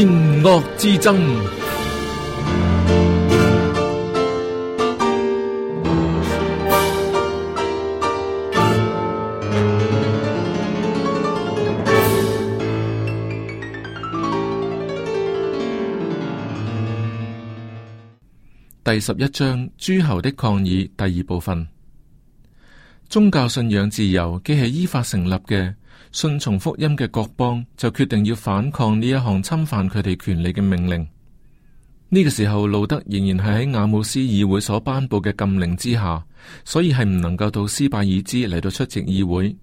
善惡之爭。第十一章，諸侯的抗議，第二部分：宗教信仰自由既係依法成立嘅。信從福音嘅各邦就決定要反抗呢一項侵犯佢哋權利嘅命令。呢個時候，路德仍然係喺亞姆斯議會所頒布嘅禁令之下，所以係唔能夠到斯拜爾茲嚟到出席議會。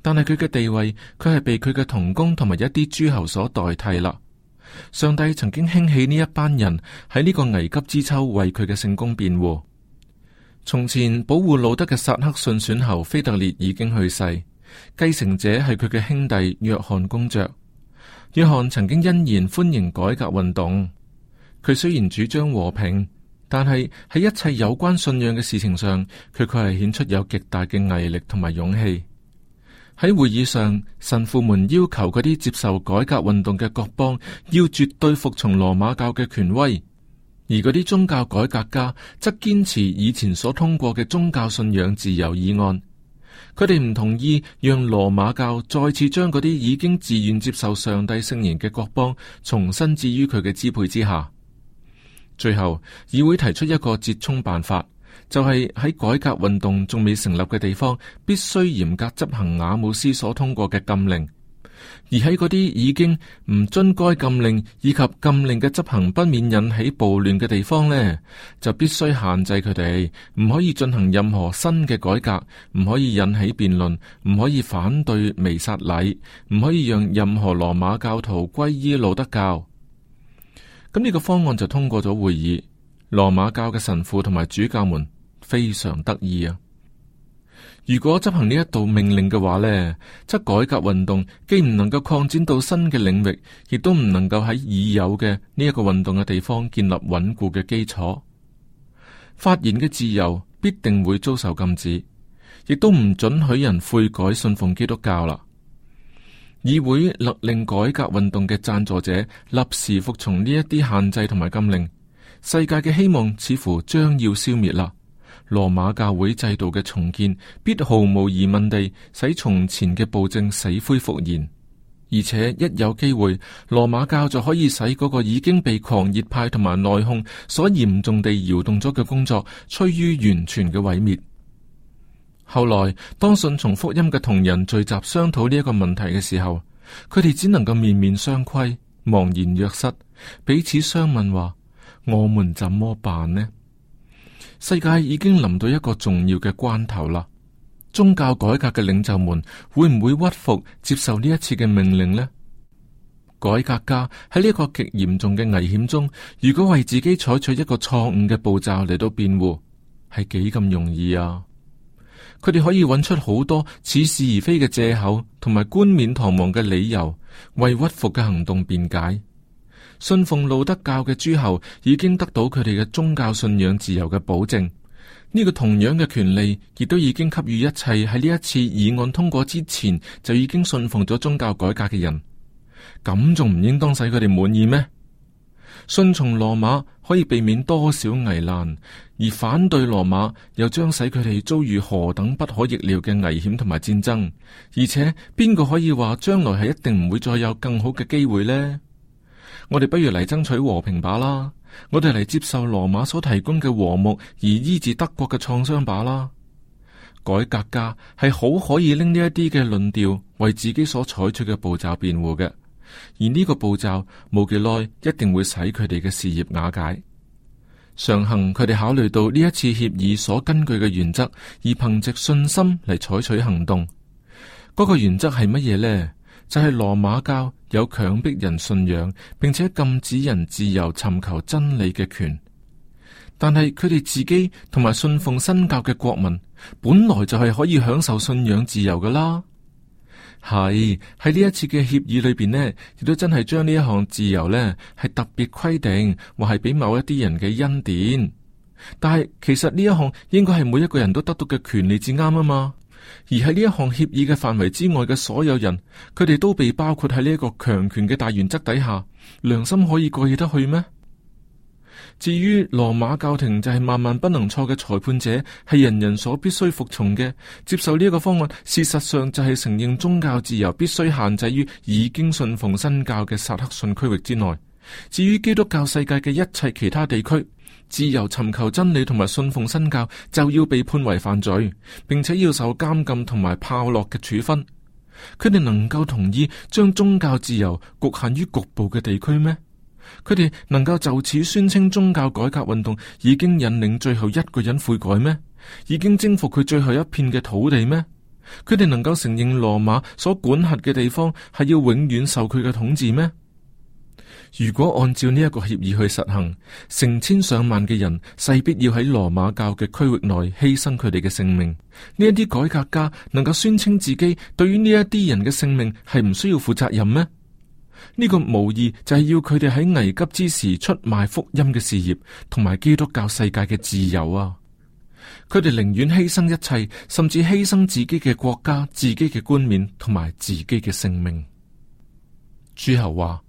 但係佢嘅地位，佢係被佢嘅同工同埋一啲諸侯所代替啦。上帝曾經興起呢一班人喺呢個危急之秋為佢嘅聖工辯護。從前保護路德嘅薩克遜選侯菲特烈已經去世。繼承者係佢嘅兄弟約翰公爵。約翰曾經欣然歡迎改革運動。佢雖然主張和平，但係喺一切有關信仰嘅事情上，佢卻係顯出有極大嘅毅力同埋勇氣。喺會議上，神父們要求嗰啲接受改革運動嘅各邦要絕對服從羅馬教嘅權威，而嗰啲宗教改革家則堅持以前所通過嘅宗教信仰自由議案。佢哋唔同意讓羅馬教再次將嗰啲已經自願接受上帝聖言嘅國邦重新置於佢嘅支配之下。最後，議會提出一個折衷辦法，就係喺改革運動仲未成立嘅地方，必須嚴格執行雅姆斯所通過嘅禁令。而喺嗰啲已經唔遵該禁令以及禁令嘅執行不免引起暴亂嘅地方呢，就必須限制佢哋，唔可以進行任何新嘅改革，唔可以引起辯論，唔可以反對彌撒禮，唔可以讓任何羅馬教徒皈依路德教。咁、這、呢個方案就通過咗會議，羅馬教嘅神父同埋主教們非常得意啊。如果執行呢一道命令嘅話呢，則改革運動既唔能夠擴展到新嘅領域，亦都唔能夠喺已有嘅呢一個運動嘅地方建立穩固嘅基礎。發言嘅自由必定會遭受禁止，亦都唔准許人悔改信奉基督教啦。議會勒令改革運動嘅贊助者立時服從呢一啲限制同埋禁令，世界嘅希望似乎將要消滅啦。羅馬教會制度嘅重建，必毫無疑問地使從前嘅暴政死灰復燃，而且一有機會，羅馬教就可以使嗰個已經被狂熱派同埋內訌所嚴重地搖動咗嘅工作趨於完全嘅毀滅。後來，當信從福音嘅同仁聚集商討呢一個問題嘅時候，佢哋只能夠面面相覷，茫然若失，彼此相問話：我們怎麼辦呢？世界已經臨到一個重要嘅關頭啦！宗教改革嘅領袖們會唔會屈服接受呢一次嘅命令呢？改革家喺呢個極嚴重嘅危險中，如果為自己採取一個錯誤嘅步驟嚟到辯護，係幾咁容易啊！佢哋可以揾出好多似是而非嘅借口，同埋冠冕堂皇嘅理由，為屈服嘅行動辯解。信奉路德教嘅諸侯已經得到佢哋嘅宗教信仰自由嘅保證，呢個同樣嘅權利亦都已經給予一切喺呢一次議案通過之前就已經信奉咗宗教改革嘅人，咁仲唔應當使佢哋滿意咩？信從羅馬可以避免多少危難，而反對羅馬又將使佢哋遭遇何等不可逆料嘅危險同埋戰爭，而且邊個可以話將來係一定唔會再有更好嘅機會呢？我哋不如嚟爭取和平吧啦！我哋嚟接受羅馬所提供嘅和睦，而醫治德國嘅創傷吧啦！改革家係好可以拎呢一啲嘅論調為自己所採取嘅步驟辯護嘅，而呢個步驟冇幾耐一定會使佢哋嘅事業瓦解。常行佢哋考慮到呢一次協議所根據嘅原則，而憑借信心嚟採取行動。嗰個原則係乜嘢呢？就係羅馬教有強迫人信仰，並且禁止人自由尋求真理嘅權。但係佢哋自己同埋信奉新教嘅國民，本來就係可以享受信仰自由噶啦。係喺呢一次嘅協議裏邊呢，亦都真係將呢一項自由呢係特別規定，或係俾某一啲人嘅恩典。但係其實呢一項應該係每一個人都得到嘅權利至啱啊嘛。而喺呢一項協議嘅範圍之外嘅所有人，佢哋都被包括喺呢一個強權嘅大原則底下，良心可以過意得去咩？至於羅馬教廷就係萬萬不能錯嘅裁判者，係人人所必須服從嘅。接受呢一個方案，事實上就係承認宗教自由必須限制於已經信奉新教嘅薩克遜區域之內。至於基督教世界嘅一切其他地區，自由尋求真理同埋信奉新教，就要被判為犯罪，並且要受監禁同埋炮烙嘅處分。佢哋能夠同意將宗教自由局限於局部嘅地區咩？佢哋能夠就此宣稱宗教改革運動已經引領最後一個人悔改咩？已經征服佢最後一片嘅土地咩？佢哋能夠承認羅馬所管轄嘅地方係要永遠受佢嘅統治咩？如果按照呢一個協議去實行，成千上萬嘅人勢必要喺羅馬教嘅區域內犧牲佢哋嘅性命。呢一啲改革家能夠宣稱自己對於呢一啲人嘅性命係唔需要負責任咩？呢個無疑就係要佢哋喺危急之時出賣福音嘅事業同埋基督教世界嘅自由啊！佢哋寧願犧牲一切，甚至犧牲自己嘅國家、自己嘅冠冕，同埋自己嘅性命。諸侯話。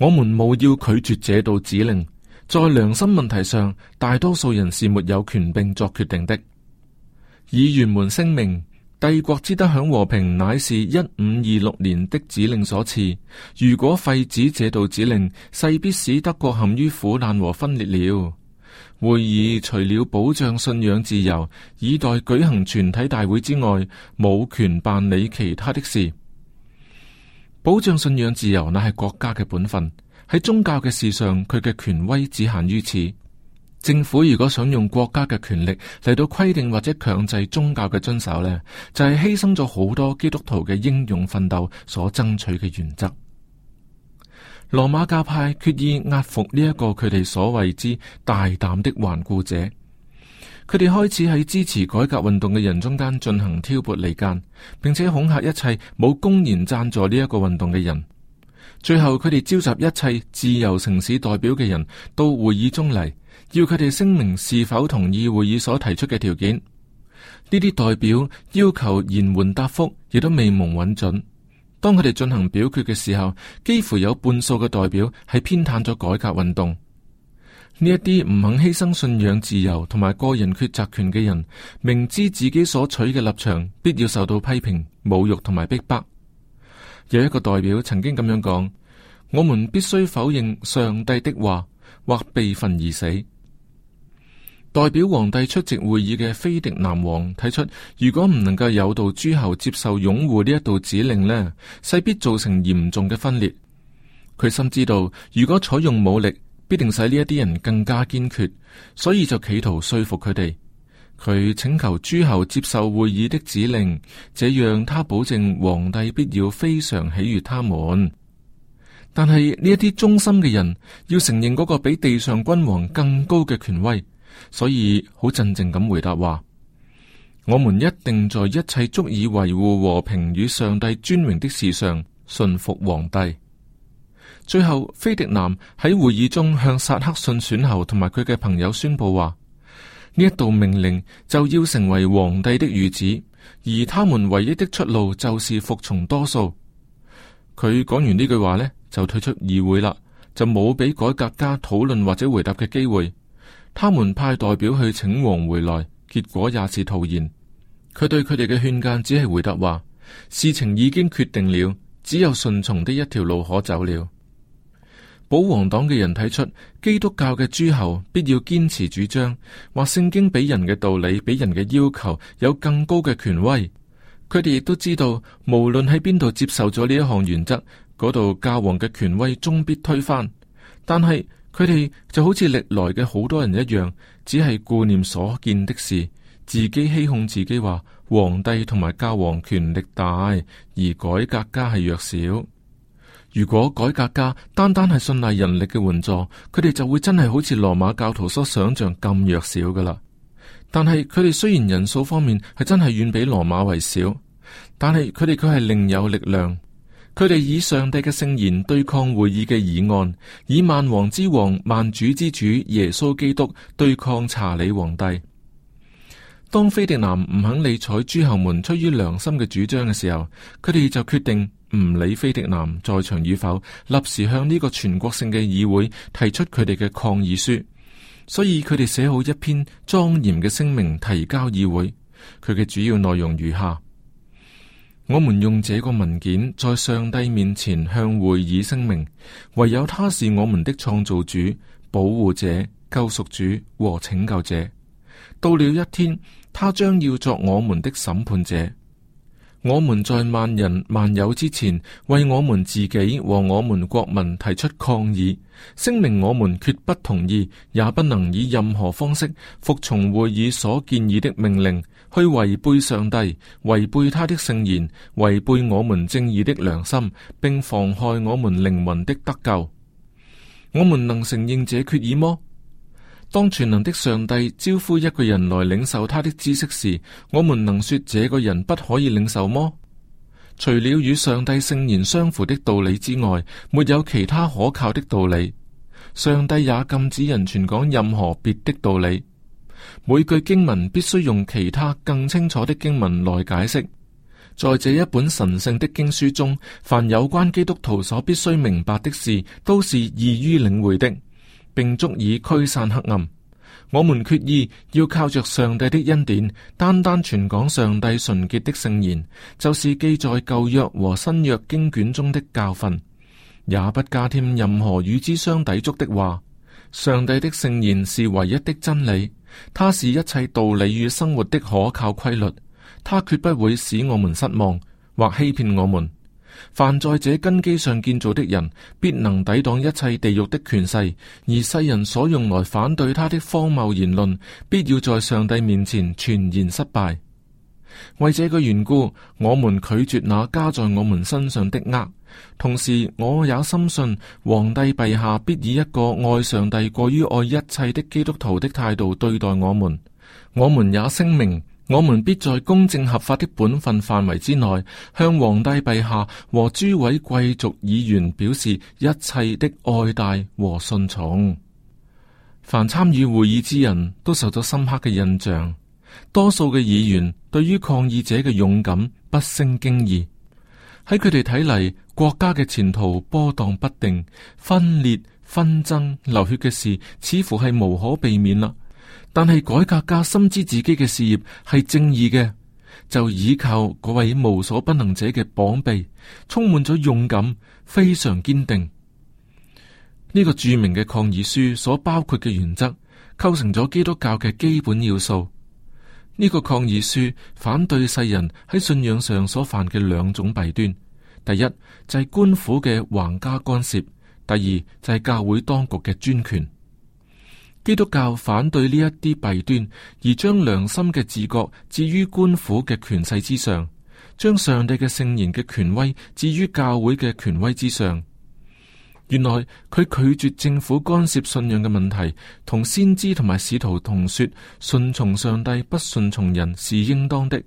我們冇要拒絕這道指令。在良心問題上，大多數人是沒有權並作決定的。議員們聲明，帝國之得享和平乃是一五二六年的指令所賜。如果廢止這道指令，勢必使德國陷於苦難和分裂了。會議除了保障信仰自由，以待舉行全體大會之外，冇權辦理其他的事。保障信仰自由，乃係國家嘅本分。喺宗教嘅事上，佢嘅權威只限於此。政府如果想用國家嘅權力嚟到規定或者強制宗教嘅遵守咧，就係、是、犧牲咗好多基督徒嘅英勇奮鬥所爭取嘅原則。羅馬教派決意壓服呢一個佢哋所謂之大膽的頑固者。佢哋開始喺支持改革運動嘅人中間進行挑撥離間，並且恐嚇一切冇公然贊助呢一個運動嘅人。最後，佢哋召集一切自由城市代表嘅人到會議中嚟，要佢哋聲明是否同意會議所提出嘅條件。呢啲代表要求延緩答覆，亦都未蒙允准。當佢哋進行表決嘅時候，幾乎有半數嘅代表係偏袒咗改革運動。呢一啲唔肯犧牲信仰自由同埋個人抉擇權嘅人，明知自己所取嘅立場必要受到批評、侮辱同埋逼迫。有一個代表曾經咁樣講：「我們必須否認上帝的話，或被焚而死。」代表皇帝出席會議嘅菲迪南王提出：「如果唔能夠有道諸侯接受擁護呢一道指令呢，勢必造成嚴重嘅分裂。」佢深知道，如果採用武力，必定使呢一啲人更加堅決，所以就企圖說服佢哋。佢請求諸侯接受會議的指令，這樣他保證皇帝必要非常喜悅他們。但係呢一啲忠心嘅人要承認嗰個比地上君王更高嘅權威，所以好鎮靜咁回答話：我們一定在一切足以維護和平與上帝尊榮的事上順服皇帝。最後，菲迪南喺會議中向薩克遜選侯同埋佢嘅朋友宣布話：話呢一道命令就要成為皇帝的御旨，而他們唯一的出路就是服從多數。佢講完呢句話呢，就退出議會啦，就冇俾改革家討論或者回答嘅機會。他們派代表去請王回來，結果也是徒然。佢對佢哋嘅勸諫，只係回答話事情已經決定了，只有順從的一條路可走了。保皇黨嘅人睇出基督教嘅諸侯必要堅持主張，話聖經俾人嘅道理俾人嘅要求有更高嘅權威。佢哋亦都知道，無論喺邊度接受咗呢一項原則，嗰度教皇嘅權威終必推翻。但係佢哋就好似歷來嘅好多人一樣，只係顧念所見的事，自己欺哄自己，話皇帝同埋教皇權力大，而改革家係弱小。如果改革家單單係信賴人力嘅援助，佢哋就會真係好似羅馬教徒所想象咁弱小噶啦。但係佢哋雖然人數方面係真係遠比羅馬為少，但係佢哋佢係另有力量。佢哋以上帝嘅聖言對抗會議嘅議案，以萬王之王、萬主之主耶穌基督對抗查理皇帝。當菲迪南唔肯理睬諸侯們出於良心嘅主張嘅時候，佢哋就決定。唔理菲迪南在場與否，立時向呢個全國性嘅議會提出佢哋嘅抗議書，所以佢哋寫好一篇莊嚴嘅聲明提交議會。佢嘅主要內容如下：我們用這個文件在上帝面前向會議聲明，唯有他是我們的創造主、保護者、救贖主和拯救者。到了一天，他將要作我們的審判者。我們在萬人萬有之前，為我們自己和我們國民提出抗議，聲明我們決不同意，也不能以任何方式服從會議所建議的命令，去違背上帝、違背他的聖言、違背我們正義的良心，並妨害我們靈魂的得救。我們能承認這決議麼？當全能的上帝招呼一個人來領受他的知識時，我們能說這個人不可以領受麼？除了與上帝聖言相符的道理之外，沒有其他可靠的道理。上帝也禁止人傳講任何別的道理。每句經文必須用其他更清楚的經文來解釋。在這一本神聖的經書中，凡有關基督徒所必須明白的事，都是易於領會的。並足以驅散黑暗。我們決意要靠着上帝的恩典，單單傳講上帝純潔的聖言，就是記載舊約和新約經卷中的教訓，也不加添任何與之相抵觸的話。上帝的聖言是唯一的真理，它是一切道理與生活的可靠規律，它決不會使我們失望，或欺騙我們。凡在這根基上建造的人，必能抵擋一切地獄的權勢；而世人所用來反對他的荒謬言論，必要在上帝面前全然失敗。為這個緣故，我們拒絕那加在我們身上的厄。同時，我也深信，皇帝陛下必以一個愛上帝過於愛一切的基督徒的態度對待我們。我們也聲明。我們必在公正合法的本分範圍之內，向皇帝陛下和諸位貴族議員表示一切的愛戴和順從。凡參與會議之人都受咗深刻嘅印象，多數嘅議員對於抗議者嘅勇敢不勝驚異。喺佢哋睇嚟，國家嘅前途波動不定，分裂紛爭流血嘅事似乎係無可避免啦。但係改革家深知自己嘅事業係正義嘅，就依靠嗰位無所不能者嘅膀臂，充滿咗勇敢，非常堅定。呢、這個著名嘅抗議書所包括嘅原則，構成咗基督教嘅基本要素。呢、這個抗議書反對世人喺信仰上所犯嘅兩種弊端：第一就係、是、官府嘅橫加干涉；第二就係、是、教會當局嘅專權。基督教反對呢一啲弊端，而將良心嘅自覺置於官府嘅權勢之上，將上帝嘅聖言嘅權威置於教會嘅權威之上。原來佢拒絕政府干涉信仰嘅問題，同先知同埋使徒同說，順從上帝，不順從人，是應當的。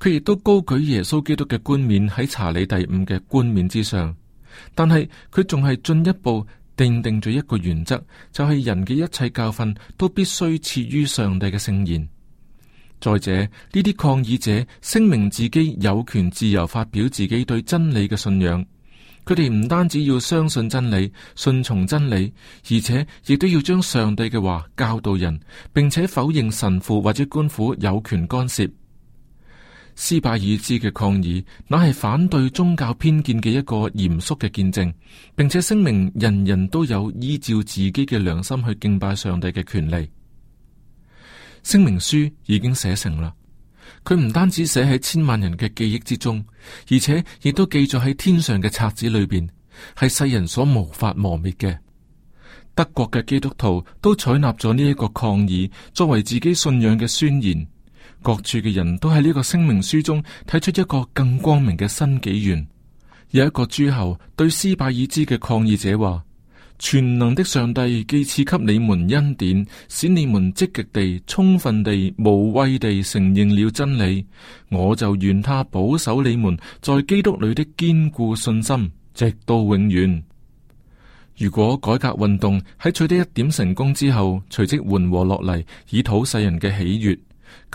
佢亦都高舉耶穌基督嘅冠冕喺查理第五嘅冠冕之上，但係佢仲係進一步。定定咗一個原則，就係、是、人嘅一切教訓都必須次於上帝嘅聖言。再者，呢啲抗議者聲明自己有權自由發表自己對真理嘅信仰，佢哋唔單止要相信真理，信從真理，而且亦都要將上帝嘅話教導人，並且否認神父或者官府有權干涉。斯拜爾茲嘅抗議，乃係反對宗教偏見嘅一個嚴肅嘅見證，並且聲明人人都有依照自己嘅良心去敬拜上帝嘅權利。聲明書已經寫成啦，佢唔單止寫喺千萬人嘅記憶之中，而且亦都記載喺天上嘅冊子裏邊，係世人所無法磨滅嘅。德國嘅基督徒都採納咗呢一個抗議作為自己信仰嘅宣言。各處嘅人都喺呢個聲明書中睇出一個更光明嘅新紀元。有一個諸侯對斯巴爾茲嘅抗議者話：全能的上帝既賜給你們恩典，使你們積極地、充分地、無畏地承認了真理，我就願他保守你們在基督裏的堅固信心，直到永遠。如果改革運動喺取得一點成功之後，隨即緩和落嚟，以討世人嘅喜悦。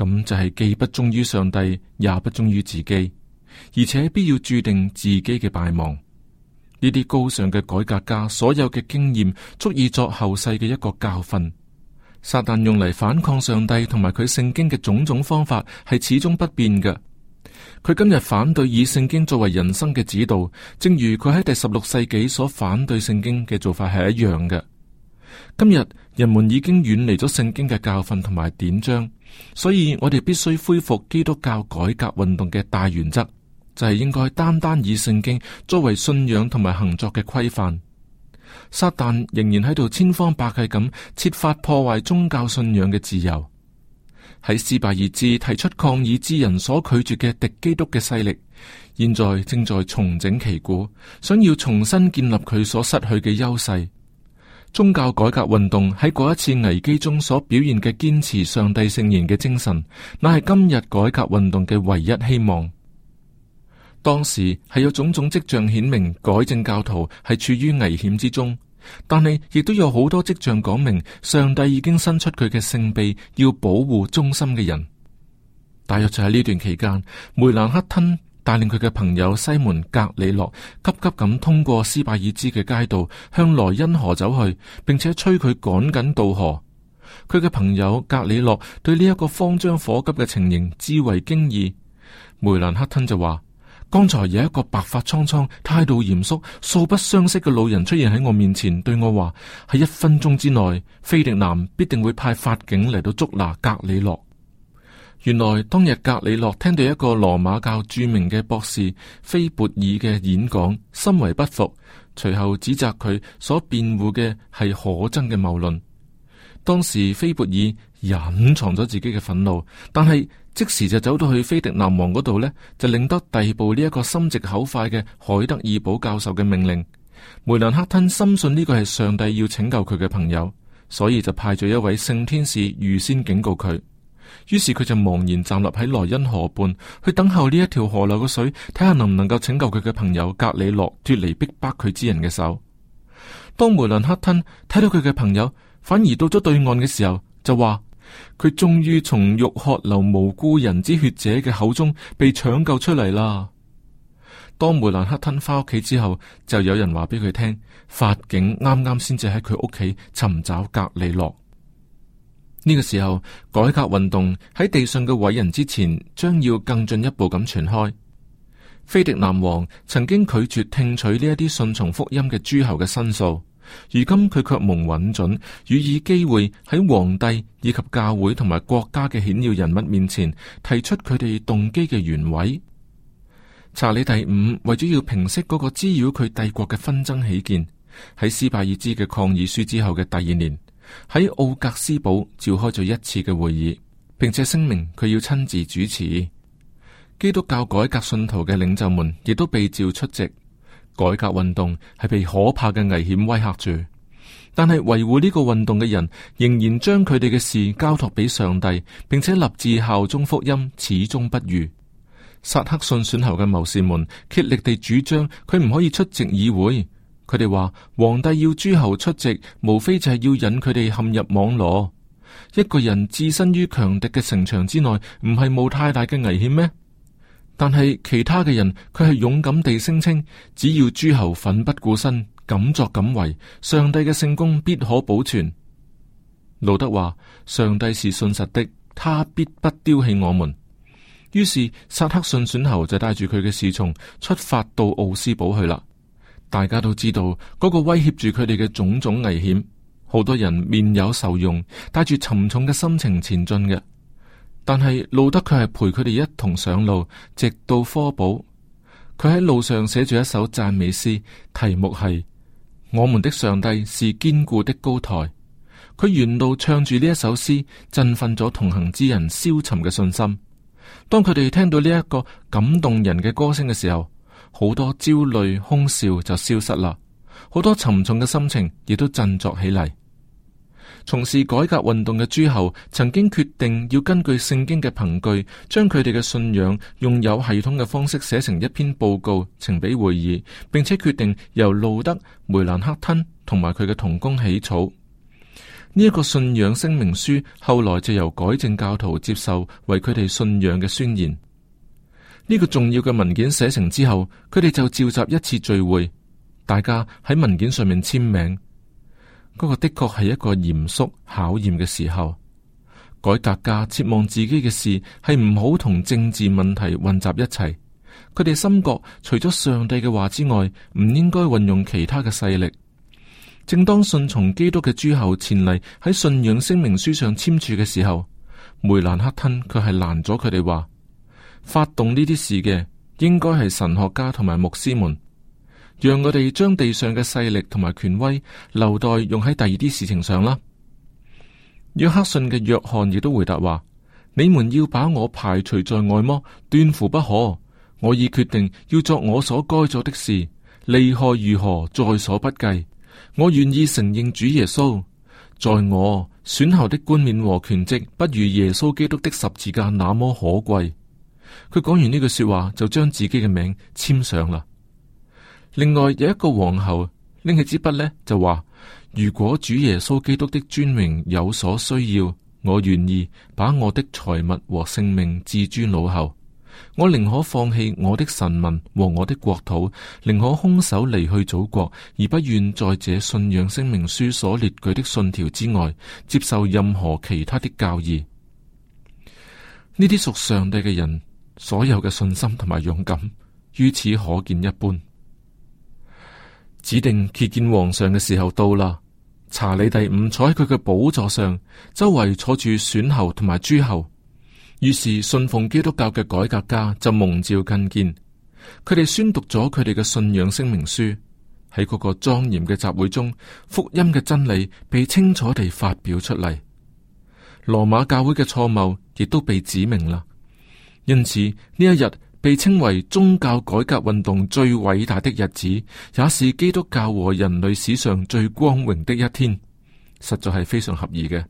咁就係既不忠於上帝，也不忠於自己，而且必要注定自己嘅敗亡。呢啲高尚嘅改革家，所有嘅經驗，足以作後世嘅一個教訓。撒旦用嚟反抗上帝同埋佢聖經嘅種種方法，係始終不變嘅。佢今日反對以聖經作為人生嘅指導，正如佢喺第十六世紀所反對聖經嘅做法係一樣嘅。今日人們已經遠離咗聖經嘅教訓同埋典章，所以我哋必須恢復基督教改革運動嘅大原則，就係、是、應該單單以聖經作為信仰同埋行作嘅規範。撒旦仍然喺度千方百計咁設法破壞宗教信仰嘅自由，喺斯白爾至提出抗議之人所拒絕嘅敵基督嘅勢力，現在正在重整旗鼓，想要重新建立佢所失去嘅優勢。宗教改革運動喺嗰一次危機中所表現嘅堅持上帝聖言嘅精神，乃係今日改革運動嘅唯一希望。當時係有種種跡象顯明，改正教徒係處於危險之中，但係亦都有好多跡象講明，上帝已經伸出佢嘅聖臂，要保護忠心嘅人。大約就喺呢段期間，梅蘭克吞。帶領佢嘅朋友西門格里諾，急急咁通過斯巴爾茲嘅街道，向萊茵河走去，並且催佢趕緊渡河。佢嘅朋友格里諾對呢一個慌張火急嘅情形至為驚異。梅蘭克吞就話：剛才有一個白髮蒼蒼、態度嚴肅、素不相識嘅老人出現喺我面前，對我話：喺一分鐘之內，菲迪南必定會派法警嚟到捉拿格里諾。原來當日格里諾聽到一個羅馬教著名嘅博士菲勃爾嘅演講，心為不服，隨後指責佢所辯護嘅係可憎嘅謬論。當時菲勃爾隱藏咗自己嘅憤怒，但係即時就走到去菲迪南王嗰度，呢就令得逮捕呢一個心直口快嘅海德爾堡教授嘅命令。梅蘭克吞深信呢個係上帝要拯救佢嘅朋友，所以就派咗一位聖天使預先警告佢。於是佢就茫然站立喺萊茵河畔，去等候呢一條河流嘅水，睇下能唔能夠拯救佢嘅朋友格里洛脫離逼迫佢之人嘅手。當梅蘭克吞睇到佢嘅朋友反而到咗對岸嘅時候，就話佢終於從欲喝流無辜人之血者嘅口中被搶救出嚟啦。當梅蘭克吞翻屋企之後，就有人話俾佢聽，法警啱啱先至喺佢屋企尋找格里洛。呢個時候，改革運動喺地上嘅偉人之前，將要更進一步咁傳開。菲迪南王曾經拒絕聽取呢一啲信從福音嘅諸侯嘅申訴，如今佢卻蒙允准，予以機會喺皇帝以及教會同埋國家嘅顯要人物面前提出佢哋動機嘅原委。查理第五為咗要平息嗰個滋擾佢帝國嘅紛爭起見，喺斯拜爾茲嘅抗議書之後嘅第二年，喺奧格斯堡召開咗一次嘅會議，並且聲明佢要親自主持。基督教改革信徒嘅領袖們亦都被召出席。改革運動係被可怕嘅危險威嚇住，但係維護呢個運動嘅人仍然將佢哋嘅事交託俾上帝，並且立志效忠福音始終，始終不渝。薩克遜選侯嘅謀士們竭力地主張佢唔可以出席議會。佢哋話：皇帝要諸侯出席，無非就係要引佢哋陷入網羅。一個人置身於強敵嘅城牆之內，唔係冇太大嘅危險咩？但係其他嘅人，佢係勇敢地聲稱：只要諸侯奮不顧身，敢作敢為，上帝嘅聖功必可保存。路德話：上帝是信實的，他必不丟棄我們。於是，薩克遜選侯就帶住佢嘅侍從出發到奧斯堡去啦。大家都知道嗰個威脅住佢哋嘅種種危險，好多人面有受用，帶住沉重嘅心情前進嘅。但係路德佢係陪佢哋一同上路，直到科堡。佢喺路上寫住一首讚美詩，題目係我們的上帝是堅固的高台。佢沿路唱住呢一首詩，振奮咗同行之人消沉嘅信心。當佢哋聽到呢一個感動人嘅歌聲嘅時候。好多焦慮、空笑就消失啦，好多沉重嘅心情亦都振作起嚟。從事改革運動嘅諸侯曾經決定要根據聖經嘅憑據，將佢哋嘅信仰用有系統嘅方式寫成一篇報告呈俾會議，並且決定由路德、梅蘭克吞同埋佢嘅同工起草呢一個信仰聲明書，後來就由改正教徒接受為佢哋信仰嘅宣言。呢個重要嘅文件寫成之後，佢哋就召集一次聚會，大家喺文件上面簽名。嗰、那個的確係一個嚴肅考驗嘅時候。改革家切望自己嘅事係唔好同政治問題混雜一齊。佢哋深覺除咗上帝嘅話之外，唔應該運用其他嘅勢力。正當信從基督嘅諸侯前嚟喺信仰聲明書上簽署嘅時候，梅蘭克吞佢係攔咗佢哋話。發動呢啲事嘅應該係神學家同埋牧師們，讓我哋將地上嘅勢力同埋權威留待用喺第二啲事情上啦。約克遜嘅約翰亦都回答話：你們要把我排除在外麼？斷乎不可！我已決定要做我所該做的事，利害如何，在所不計。我願意承認主耶穌，在我選後的冠冕和權職，不如耶穌基督的十字架那麼可貴。佢講完呢句說話，就將自己嘅名簽上啦。另外有一個皇后拎起支筆呢，就話：如果主耶穌基督的尊名有所需要，我願意把我的財物和性命置諸腦後，我寧可放棄我的臣民和我的國土，寧可空手離去祖國，而不願在這信仰聲明書所列舉的信條之外接受任何其他的教義。呢啲屬上帝嘅人。所有嘅信心同埋勇敢，於此可見一般。指定謁見皇上嘅時候到啦，查理第五坐喺佢嘅寶座上，周圍坐住選侯同埋諸侯。於是信奉基督教嘅改革家就蒙召覲見，佢哋宣讀咗佢哋嘅信仰聲明書。喺嗰個莊嚴嘅集會中，福音嘅真理被清楚地發表出嚟，羅馬教會嘅錯謬亦都被指明啦。因此呢一日被稱為宗教改革運動最偉大的日子，也是基督教和人類史上最光榮的一天，實在係非常合宜嘅。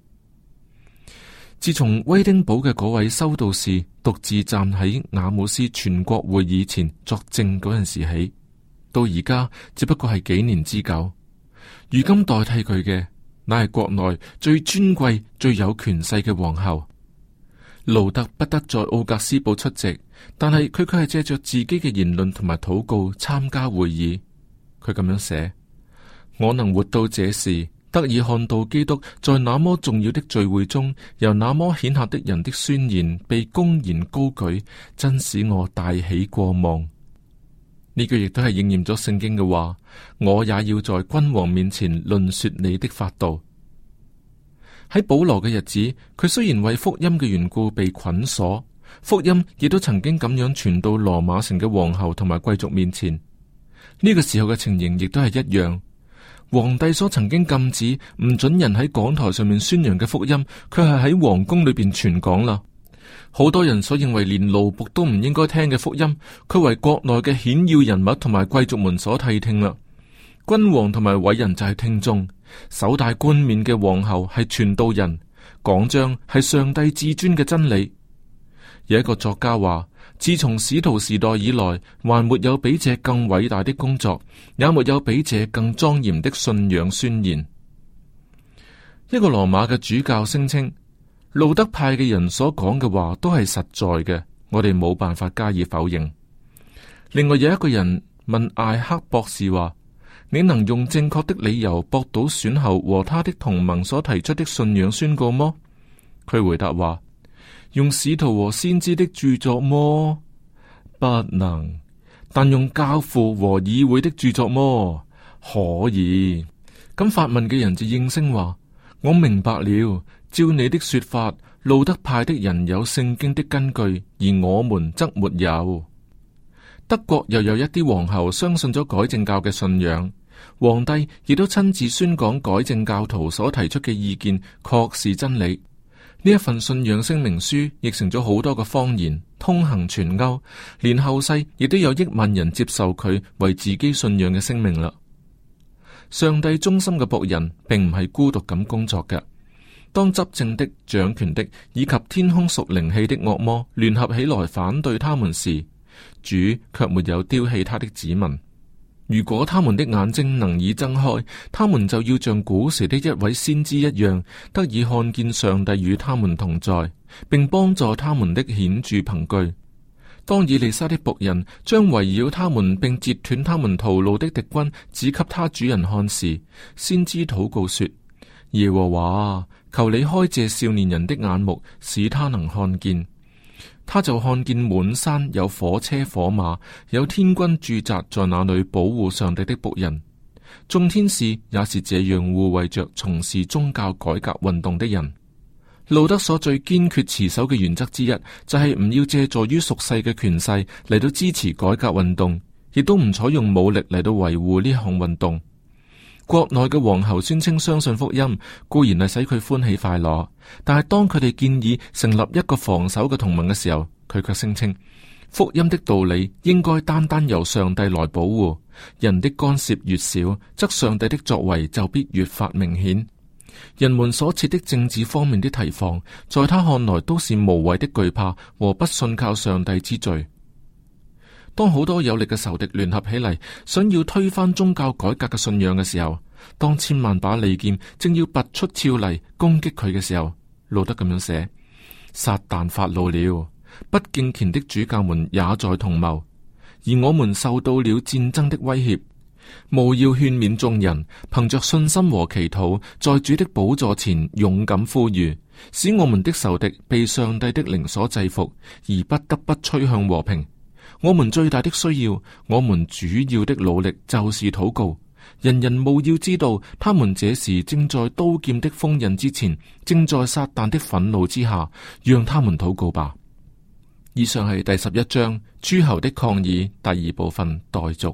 自從威丁堡嘅嗰位修道士獨自站喺雅姆斯全國會議前作證嗰陣時起，到而家只不過係幾年之久。如今代替佢嘅，乃係國內最尊貴、最有權勢嘅皇后。路德不得在奧格斯堡出席，但係佢卻係借着自己嘅言論同埋禱告參加會議。佢咁樣寫：我能活到這時，得以看到基督在那麼重要的聚會中，由那麼顯赫的人的宣言被公然高舉，真使我大喜過望。呢句亦都係應驗咗聖經嘅話。我也要在君王面前論說你的法度。喺保羅嘅日子，佢雖然為福音嘅緣故被捆鎖，福音亦都曾經咁樣傳到羅馬城嘅皇后同埋貴族面前。呢個時候嘅情形亦都係一樣，皇帝所曾經禁止唔准人喺講台上面宣揚嘅福音，佢係喺皇宮裏邊傳講啦。好多人所認為連奴僕都唔應該聽嘅福音，佢為國內嘅顯要人物同埋貴族們所替聽啦。君王同埋偉人就係聽眾，首戴冠冕嘅皇后係傳道人，講章係上帝至尊嘅真理。有一個作家話：自從使徒時代以來，還沒有比這更偉大的工作，也沒有比這更莊嚴的信仰宣言。一個羅馬嘅主教聲稱：路德派嘅人所講嘅話都係實在嘅，我哋冇辦法加以否認。另外，有一個人問艾克博士話。你能用正確的理由駁倒選侯和他的同盟所提出的信仰宣告嗎？佢回答話：用使徒和先知的著作麼？不能，但用教父和議會的著作麼？可以。咁發問嘅人就應聲話：我明白了。照你的說法，路德派的人有聖經的根據，而我們則沒有。德國又有一啲皇后相信咗改正教嘅信仰。皇帝亦都親自宣講改正教徒所提出嘅意見，確是真理。呢一份信仰聲明書亦成咗好多嘅方言通行全歐，連後世亦都有億萬人接受佢為自己信仰嘅聲明啦。上帝忠心嘅僕人並唔係孤獨咁工作嘅。當執政的、掌權的以及天空屬靈氣的惡魔聯合起來反對他們時，主卻沒有丟棄他的子民。如果他們的眼睛能以睜開，他們就要像古時的一位先知一樣，得以看見上帝與他們同在，並幫助他們的顯著憑據。當以利沙的僕人將圍繞他們並截斷他們逃路的敵軍指給他主人看時，先知禱告說：耶和華求你開借少年人的眼目，使他能看見。他就看見滿山有火車火馬，有天軍駐紮在那裏保護上帝的僕人，眾天使也是這樣護衛着從事宗教改革運動的人。路德所最堅決持守嘅原則之一，就係、是、唔要借助於俗世嘅權勢嚟到支持改革運動，亦都唔採用武力嚟到維護呢項運動。國內嘅王侯宣稱相信福音，固然係使佢歡喜快樂，但係當佢哋建議成立一個防守嘅同盟嘅時候，佢卻聲稱福音的道理應該單單由上帝來保護，人的干涉越少，則上帝的作為就必越發明顯。人們所設的政治方面的提防，在他看來都是無謂的懼怕和不信靠上帝之罪。當好多有力嘅仇敵聯合起嚟，想要推翻宗教改革嘅信仰嘅時候，當千萬把利劍正要拔出鞘嚟攻擊佢嘅時候，路德咁樣寫：撒旦發怒了，不敬虔的主教們也在同謀，而我們受到了戰爭的威脅。務要勸勉眾人，憑着信心和祈禱，在主的寶座前勇敢呼籲，使我們的仇敵被上帝的靈所制服，而不得不趨向和平。我們最大的需要，我們主要的努力就是禱告。人人務要知道，他們這時正在刀劍的封印之前，正在撒旦的憤怒之下，讓他們禱告吧。以上係第十一章諸侯的抗議第二部分待續。